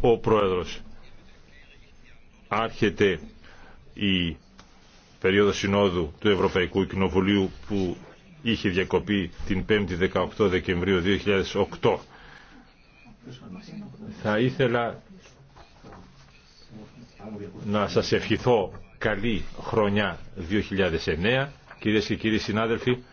Ο Πρόεδρος, άρχεται η περίοδος συνόδου του Ευρωπαϊκού Κοινοβουλίου που είχε διακοπεί την 5η 18 Δεκεμβρίου 2008. Θα ήθελα να σας ευχηθώ καλή χρονιά 2009. Κυρίες και κύριοι συνάδελφοι,